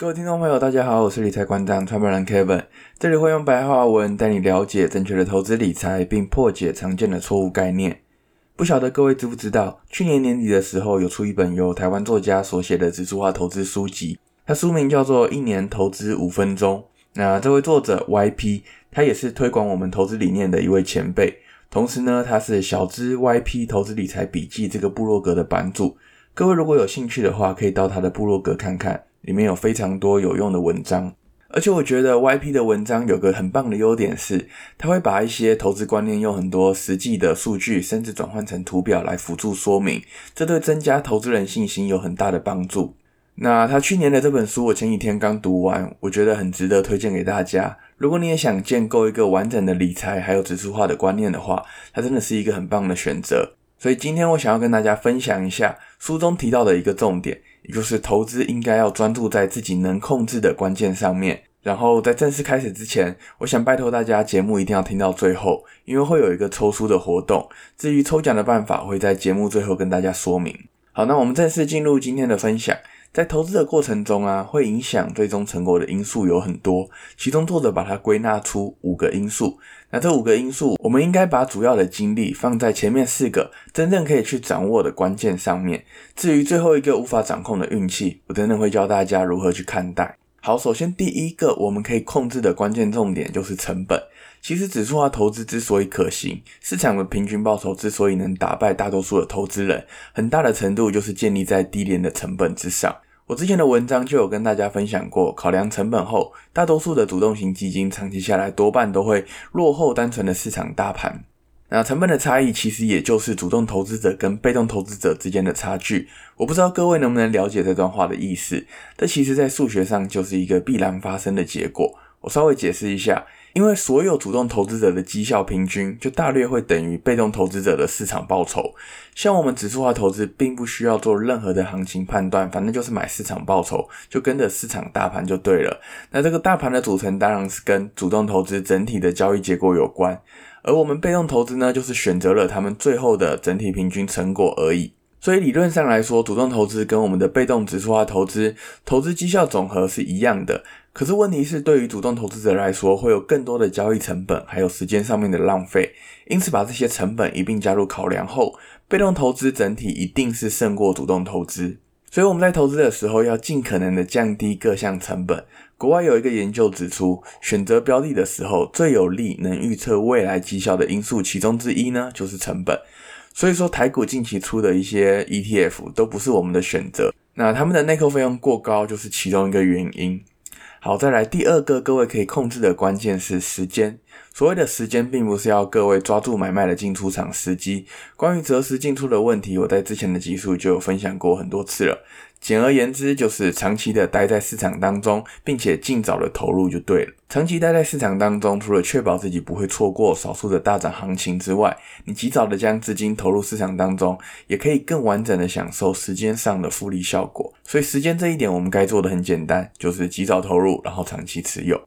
各位聽眾朋友，大家好，我是理財館長創辦人 Kevin，這裡會用白話文帶你了解正確的投資理財，並破解常見的錯誤概念。不曉得各位知不知道，去年年底的時候有出一本由台灣作家所寫的指數化投資書籍，它書名叫做《一年投資五分鐘》。那這位作者 YP，他也是推廣我們投資理念的一位前輩，同時呢，他是小資 YP 投資理財筆記這個部落格的版主。各位如果有興趣的話，可以到他的部落格看看。裡面有非常多有用的文章，而且我覺得 YP 的文章有個很棒的優點是，它會把一些投資觀念用很多實際的數據，甚至轉換成圖表來輔助說明，這對增加投資人信心有很大的幫助。那他去年的這本書，我前幾天剛讀完，我覺得很值得推薦給大家。如果你也想建構一個完整的理財還有指數化的觀念的話，它真的是一個很棒的選擇。所以今天我想要跟大家分享一下書中提到的一個重點。就是投資應該要專注在自己能控制的關鍵上面。然後在正式開始之前，我想拜託大家，節目一定要聽到最後，因為會有一個抽書的活動。至於抽獎的辦法，會在節目最後跟大家說明。好，那我們正式進入今天的分享。在投資的過程中啊，會影響最終成果的因素有很多，其中作者把它歸納出五個因素。那這五個因素，我們應該把主要的精力放在前面四個真正可以去掌握的關鍵上面。至於最後一個無法掌控的運氣，我等等會教大家如何去看待。好，首先第一個我們可以控制的關鍵重點就是成本。其實指數化投資之所以可行，市場的平均報酬之所以能打敗大多數的投資人，很大的程度就是建立在低廉的成本之上。我之前的文章就有跟大家分享過，考量成本後，大多數的主動型基金長期下來多半都會落後單純的市場大盤。那成本的差異其實也就是主動投資者跟被動投資者之間的差距。我不知道各位能不能了解這段話的意思？這其實在數學上就是一個必然發生的結果。我稍微解釋一下。因為所有主動投資者的績效平均，就大略會等於被動投資者的市場報酬。像我們指數化投資，並不需要做任何的行情判斷，反正就是買市場報酬，就跟着市場大盤就對了。那這個大盤的組成，當然是跟主動投資整體的交易結果有關。而我們被動投資呢，就是選擇了他們最後的整體平均成果而已。所以理論上來說，主動投資跟我們的被動指數化投資投資績效總和是一樣的。可是問題是，對於主動投資者來說，會有更多的交易成本，還有時間上面的浪費。因此，把這些成本一併加入考量後，被動投資整體一定是勝過主動投資。所以我們在投資的時候，要盡可能的降低各項成本。國外有一個研究指出，選擇標的的時候，最有利能預測未來績效的因素，其中之一呢就是成本。所以說，台股近期出的一些 ETF 都不是我們的選擇，那他們的內扣費用過高就是其中一個原因。好，再來第二個，各位可以控制的關鍵是時間。所謂的時間，並不是要各位抓住買賣的進出場時機。關於擇時進出的問題，我在之前的集數就有分享過很多次了。簡而言之，就是長期的待在市場當中，並且儘早的投入就對了。長期待在市場當中，除了確保自己不會錯過少數的大漲行情之外，你及早的將資金投入市場當中，也可以更完整的享受時間上的複利效果。所以時間這一點，我們該做的很簡單，就是及早投入，然後長期持有。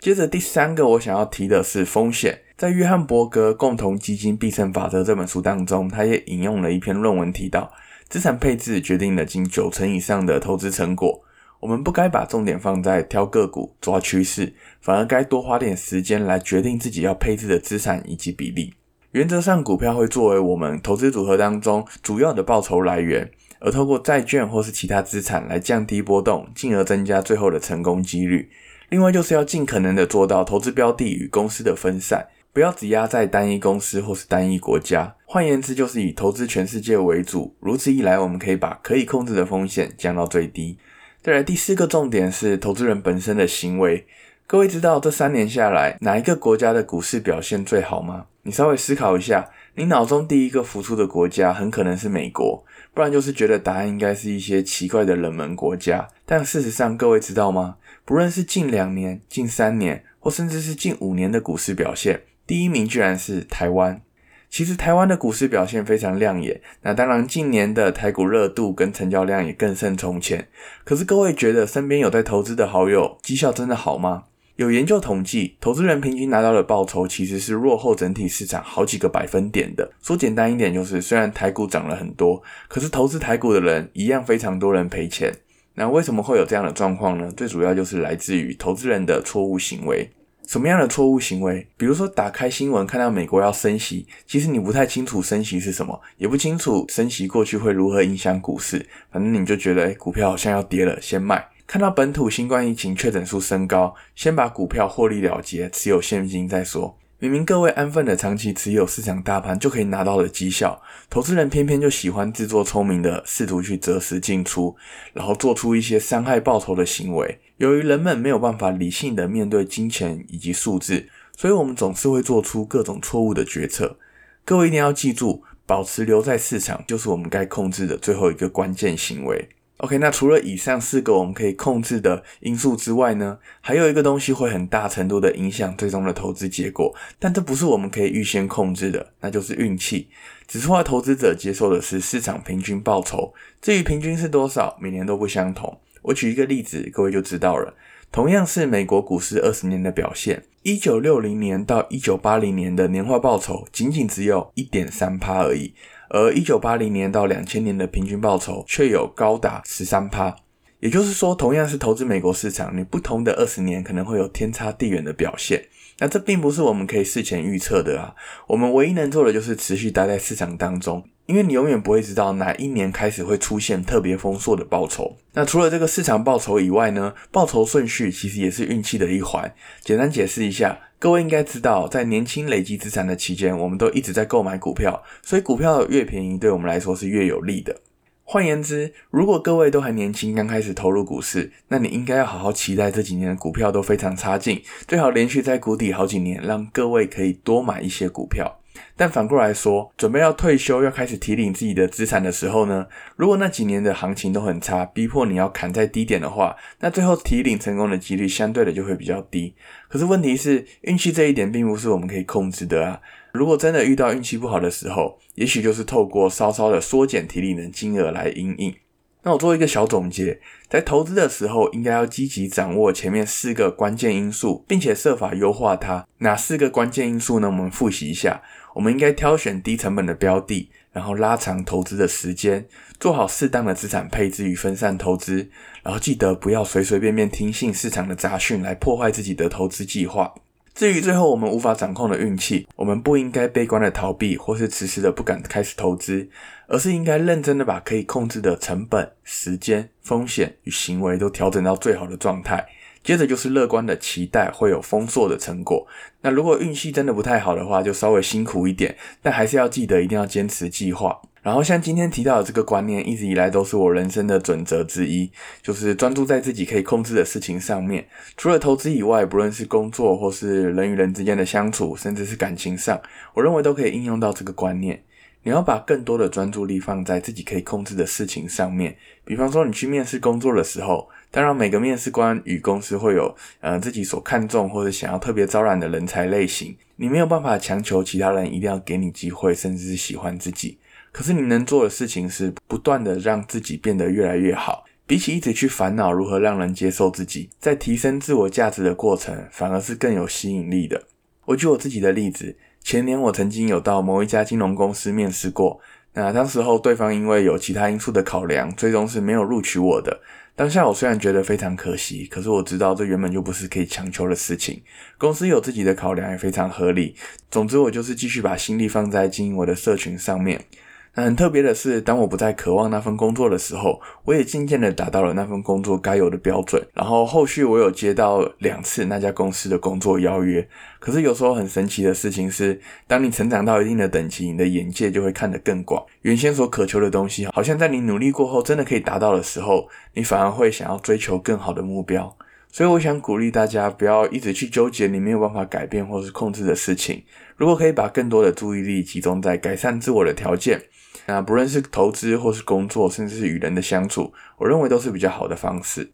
接着第三個我想要提的是風險，在約翰伯格《共同基金必勝法則》這本書當中，他也引用了一篇論文提到，資產配置決定了近九成以上的投資成果。我們不該把重點放在挑個股、抓趨勢，反而該多花點時間來決定自己要配置的資產以及比例。原則上，股票會作為我們投資組合當中主要的報酬來源，而透過債券或是其他資產來降低波動，進而增加最後的成功幾率。另外就是要盡可能的做到投資標的與公司的分散，不要只壓在單一公司或是單一國家。換言之，就是以投資全世界為主。如此一來，我們可以把可以控制的風險降到最低。再來，第四個重點是投資人本身的行為。各位知道這三年下來哪一個國家的股市表現最好嗎？你稍微思考一下，你腦中第一個浮出的國家很可能是美國，不然就是覺得答案應該是一些奇怪的冷門國家。但事實上，各位知道嗎？不論是近兩年、近三年，或甚至是近五年的股市表現，第一名居然是台灣。其實台灣的股市表現非常亮眼，那當然近年的台股熱度跟成交量也更勝從前。可是各位覺得身邊有在投資的好友，績效真的好嗎？有研究統計，投資人平均拿到的報酬其實是落後整體市場好幾個百分點的。說簡單一點，就是雖然台股漲了很多，可是投資台股的人一樣非常多人賠錢。那為什麼會有這樣的狀況呢？最主要就是來自於投資人的錯誤行為。什麼樣的錯誤行為？比如說打開新聞看到美國要升息，其實你不太清楚升息是什麼，也不清楚升息過去會如何影響股市，反正你就覺得，誒，股票好像要跌了，先賣。看到本土新冠疫情確診數升高，先把股票獲利了結，持有現金再說。明明各位安分的長期持有市場大盤就可以拿到了績效，投資人偏偏就喜歡自作聰明的試圖去擇時進出，然後做出一些傷害報酬的行為。由於人們沒有辦法理性的面對金錢以及數字，所以我們總是會做出各種錯誤的決策。各位一定要記住，保持留在市場就是我們該控制的最後一個關鍵行為。OK，那除了以上四個我們可以控制的因素之外呢，還有一個東西會很大程度的影響最終的投資結果，但這不是我們可以預先控制的，那就是運氣。指數化投資者接受的是市場平均報酬，至於平均是多少，每年都不相同。我舉一個例子，各位就知道了。同樣是美國股市二十年的表現，一九六零年到一九八零年的年化報酬僅僅只有一點三趴而已，而一九八零年到兩千年的平均報酬卻有高達十三趴。也就是說，同樣是投資美國市場，你不同的二十年可能會有天差地遠的表現。那這並不是我們可以事前預測的啊，我們唯一能做的就是持續待在市場當中，因為你永遠不會知道哪一年開始會出現特別豐碩的報酬。那除了這個市場報酬以外呢，報酬順序其實也是運氣的一環。簡單解釋一下，各位應該知道，在年輕累積資產的期間，我們都一直在購買股票，所以股票越便宜對我們來說是越有利的。換言之，如果各位都還年輕，剛開始投入股市，那你應該要好好期待這幾年的股票都非常差勁，最好連續在谷底好幾年，讓各位可以多買一些股票。但反過來說，準備要退休、要開始提領自己的資產的時候呢，如果那幾年的行情都很差，逼迫你要砍在低點的話，那最後提領成功的幾率相對的就會比較低。可是問題是，運氣這一點並不是我們可以控制的啊。如果真的遇到運氣不好的時候，也許就是透過稍稍的縮減提領的金額來因應。那我做一個小總結，在投資的時候應該要積極掌握前面四個關鍵因素，並且設法優化它。哪四個關鍵因素呢？我們複習一下。我們應該挑選低成本的標的，然後拉長投資的時間，做好適當的資產配置與分散投資，然後記得不要隨隨便便聽信市場的雜訊來破壞自己的投資計劃。至於最後我們無法掌控的運氣，我們不應該悲觀的逃避或是遲遲的不敢開始投資，而是應該認真的把可以控制的成本、時間、風險與行為都調整到最好的狀態。接着就是樂觀的期待會有豐碩的成果。那如果運氣真的不太好的話，就稍微辛苦一點，但還是要記得一定要堅持計劃。然後像今天提到的這個觀念，一直以來都是我人生的準則之一，就是專注在自己可以控制的事情上面。除了投資以外，不論是工作或是人與人之間的相處，甚至是感情上，我認為都可以應用到這個觀念。你要把更多的專注力放在自己可以控制的事情上面。比方說你去面試工作的時候，當然，每個面試官與公司會有，呃，自己所看重或者想要特別招攬的人才類型。你沒有辦法強求其他人一定要給你機會，甚至是喜歡自己。可是你能做的事情是不斷的讓自己變得越來越好。比起一直去煩惱如何讓人接受自己，在提升自我價值的過程，反而是更有吸引力的。我舉我自己的例子，前年我曾經有到某一家金融公司面試過，那當時候對方因為有其他因素的考量，最終是沒有錄取我的。當下我雖然覺得非常可惜，可是我知道這原本就不是可以強求的事情。公司有自己的考量，也非常合理。總之，我就是繼續把心力放在經營我的社群上面。那很特別的是，當我不再渴望那份工作的時候，我也漸漸地達到了那份工作該有的標準。然後後續我有接到兩次那家公司的工作邀約。可是有時候很神奇的事情是，當你成長到一定的等級，你的眼界就會看得更廣。原先所渴求的東西，好像在你努力過後真的可以達到的時候，你反而會想要追求更好的目標。所以我想鼓勵大家，不要一直去糾結你沒有辦法改變或是控制的事情。如果可以把更多的注意力集中在改善自我的條件。那不論是投資或是工作，甚至是與人的相處，我認為都是比較好的方式。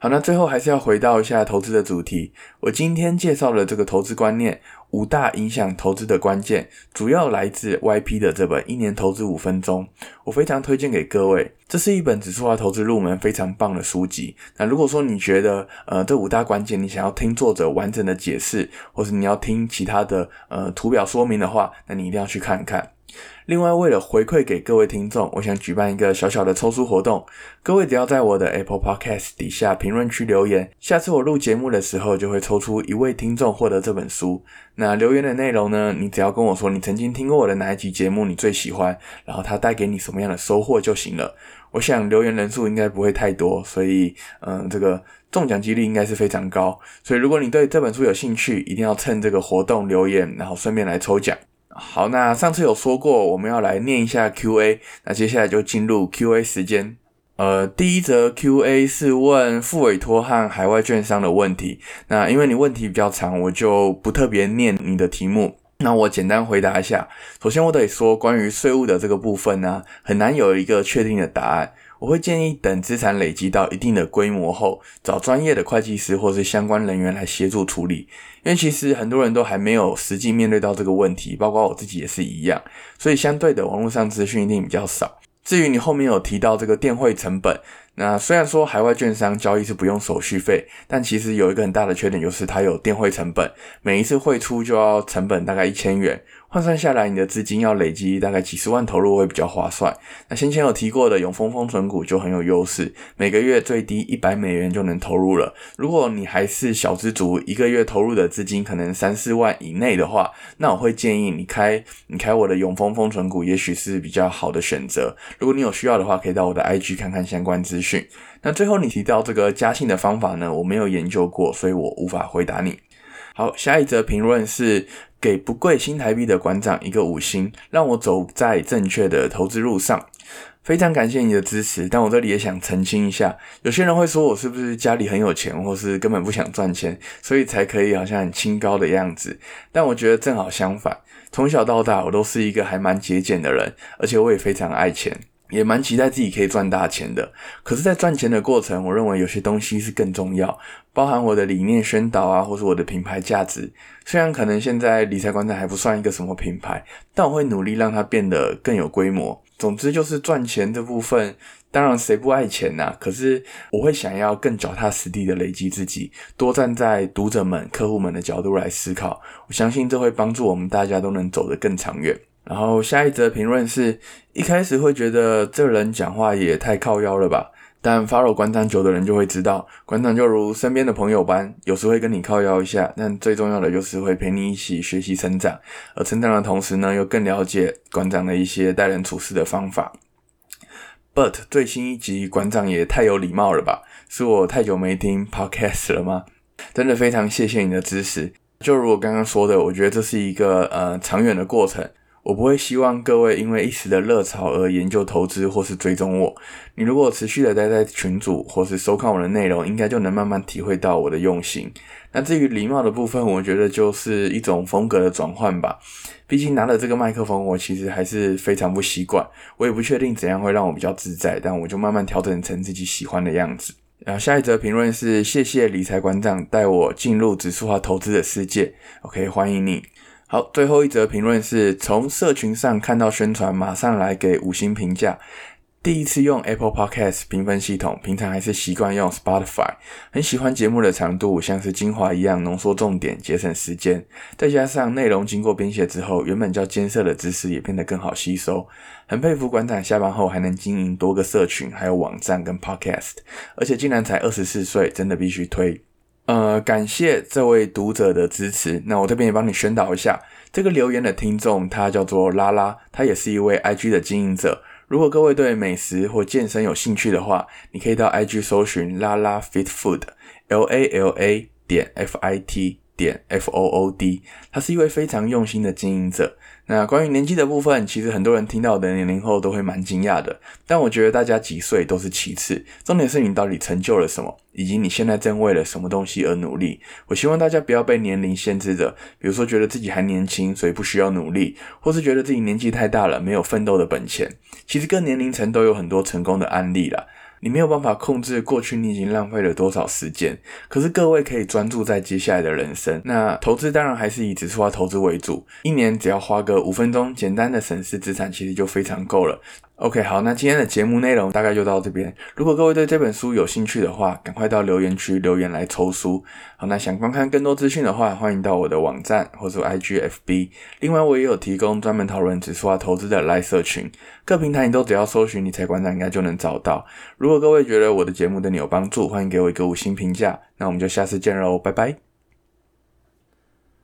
好，那最後還是要回到一下投資的主題。我今天介紹了這個投資觀念，五大影響投資的關鍵，主要來自 YP 的這本《一年投資五分鐘》，我非常推薦給各位。這是一本指數化投資入門非常棒的書籍。那如果說你覺得，呃，這五大關鍵你想要聽作者完整的解釋，或是你要聽其他的，呃，圖表說明的話，那你一定要去看看。另外，為了回饋給各位聽眾，我想舉辦一個小小的抽書活動。各位只要在我的 Apple Podcast 底下評論區留言，下次我錄節目的時候就會抽出一位聽眾獲得這本書。那留言的內容呢，你只要跟我說你曾經聽過我的哪一集節目，你最喜歡，然後它帶給你什麼樣的收穫就行了。我想留言人數應該不會太多，所以嗯，這個中獎幾率應該是非常高。所以如果你對這本書有興趣，一定要趁這個活動留言，然後順便來抽獎。好，那上次有說過，我們要來念一下 Q&A，那接下來就進入 Q&A 時間。呃，第一則 Q&A 是問複委託和海外券商的問題。那因為你問題比較長，我就不特別念你的題目。那我簡單回答一下。首先，我得說，關於稅務的這個部分呢、啊，很難有一個確定的答案。我會建議等資產累積到一定的規模後，找專業的會計師或是相關人員來協助處理，因為其實很多人都還沒有實際面對到這個問題，包括我自己也是一樣，所以相對的網絡上資訊一定比較少。至於你後面有提到這個電匯成本，那雖然說海外券商交易是不用手續費，但其實有一個很大的缺點就是它有電匯成本，每一次匯出就要成本大概一千元。換算下來，你的資金要累積大概幾十萬投入會比較划算。那先前有提過的永豐豐存股就很有優勢，每個月最低一百美元就能投入了。如果你還是小資族，一個月投入的資金可能三四萬以內的話，那我會建議你開你開我的永豐豐存股，也許是比較好的選擇。如果你有需要的話，可以到我的 IG 看看相關資訊。那最後你提到這個嘉信的方法呢？我沒有研究過，所以我無法回答你。好，下一則評論是給不貴新台幣的館長一個五星，讓我走在正確的投資路上。非常感謝你的支持，但我這裡也想澄清一下，有些人會說我是不是家裡很有錢，或是根本不想賺錢，所以才可以好像很清高的樣子。但我覺得正好相反，從小到大我都是一個還蠻節儉的人，而且我也非常愛錢。也蠻期待自己可以賺大錢的，可是，在賺錢的過程，我認為有些東西是更重要，包含我的理念宣導啊，或是我的品牌價值。雖然可能現在理財觀察還不算一個什麼品牌，但我會努力讓它變得更有規模。總之，就是賺錢這部分，當然誰不愛錢吶、啊？可是，我會想要更腳踏實地的累積自己，多站在讀者們、客戶們的角度來思考。我相信這會幫助我們大家都能走得更長遠。然後下一則評論是，一開始會覺得這人講話也太靠腰了吧，但 follow 館長久的人就會知道，館長就如身邊的朋友般，有時會跟你靠腰一下，但最重要的就是會陪你一起學習成長。而成長的同時呢，又更了解館長的一些待人處事的方法。But 最新一集館長也太有禮貌了吧？是我太久沒聽 podcast 了嗎？真的非常謝謝你的支持。就如我剛剛說的，我覺得這是一個呃長遠的過程。我不會希望各位因為一時的熱潮而研究投資或是追蹤我。你如果持續的待在群組或是收看我的內容，應該就能慢慢體會到我的用心。那至於禮貌的部分，我覺得就是一種風格的轉換吧。畢竟拿了這個麥克風，我其實還是非常不習慣，我也不確定怎樣會讓我比較自在，但我就慢慢調整成自己喜歡的樣子。然後下一則評論是：謝謝理財館長帶我進入指數化投資的世界。OK，歡迎你。好，最後一則評論是從社群上看到宣傳，馬上來給五星評價。第一次用 Apple Podcast 評分系統，平常還是習慣用 Spotify。很喜歡節目的長度，像是精華一樣濃縮重點，節省時間。再加上內容經過編寫之後，原本較艱澀的知識也變得更好吸收。很佩服館長下班後還能經營多個社群，還有網站跟 Podcast，而且竟然才二十四歲，真的必須推。呃，感謝這位讀者的支持。那我這邊也幫你宣導一下，這個留言的聽眾他叫做拉拉，他也是一位 IG 的經營者。如果各位對美食或健身有興趣的話，你可以到 IG 搜尋拉拉 Fit Food，L A L A 點 F I T 點 F O O D。他是一位非常用心的經營者。那關於年紀的部分，其實很多人聽到的年齡後都會蠻驚訝的。但我覺得大家幾歲都是其次，重點是你到底成就了什麼，以及你現在正為了什麼東西而努力。我希望大家不要被年齡限制着，比如說覺得自己還年輕，所以不需要努力，或是覺得自己年紀太大了，沒有奮鬥的本錢。其實各年齡層都有很多成功的案例啦。你沒有辦法控制過去你已經浪費了多少時間，可是各位可以專注在接下來的人生。那投資當然還是以指數化投資為主，一年只要花個五分鐘，簡單的審視資產，其實就非常夠了。OK，好，那今天的節目內容大概就到這邊。如果各位對這本書有興趣的話，趕快到留言區留言來抽書。好，那想觀看更多資訊的話，歡迎到我的網站或者 IGFB。另外，我也有提供專門討論指數化投資的 LINE 社群，各平台你都只要搜尋“理財觀察”應該就能找到。如果各位覺得我的節目對你有幫助，歡迎給我一個五星評價。那我們就下次見嘍，拜拜。